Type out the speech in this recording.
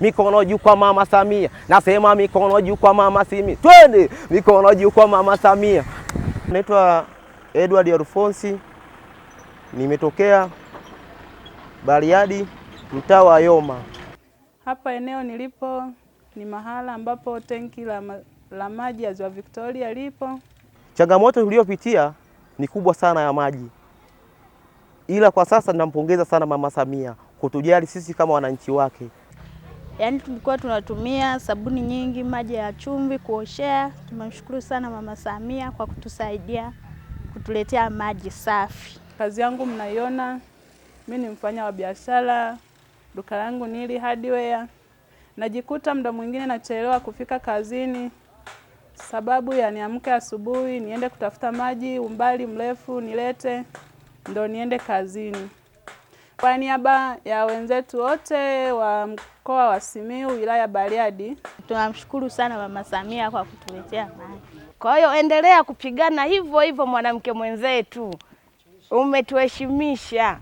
mikono juu kwa mama Samia, nasema mikono juu kwa mama Simi, twende mikono juu kwa mama Samia. Naitwa Edward Alfonsi, nimetokea Bariadi, mtaa wa Yoma. Hapa eneo nilipo ni mahala ambapo tenki la, la maji ya ziwa Victoria lipo. Changamoto tuliyopitia ni kubwa sana ya maji, ila kwa sasa ninampongeza sana mama Samia kutujali sisi kama wananchi wake yaani tulikuwa tunatumia sabuni nyingi, maji ya chumvi kuoshea. Tunamshukuru sana Mama Samia kwa kutusaidia kutuletea maji safi. Kazi yangu mnaiona, mi ni mfanya wa biashara, duka langu nili hardware. Najikuta muda mwingine nachelewa kufika kazini sababu ya niamke asubuhi niende kutafuta maji umbali mrefu nilete ndo niende kazini. Kwa niaba ya wenzetu wote wa mkoa wa Simiyu wilaya Bariadi, tunamshukuru sana Mama Samia kwa kutuletea maji. Kwa hiyo endelea kupigana hivyo hivyo, mwanamke mwenzetu, umetuheshimisha